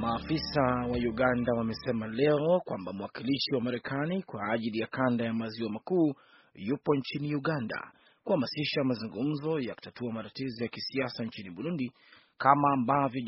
Maafisa wa Uganda wamesema leo kwamba mwakilishi wa Marekani kwa ajili ya kanda ya maziwa makuu yupo nchini Uganda kuhamasisha mazungumzo ya kutatua matatizo ya kisiasa nchini Burundi kama ambavyo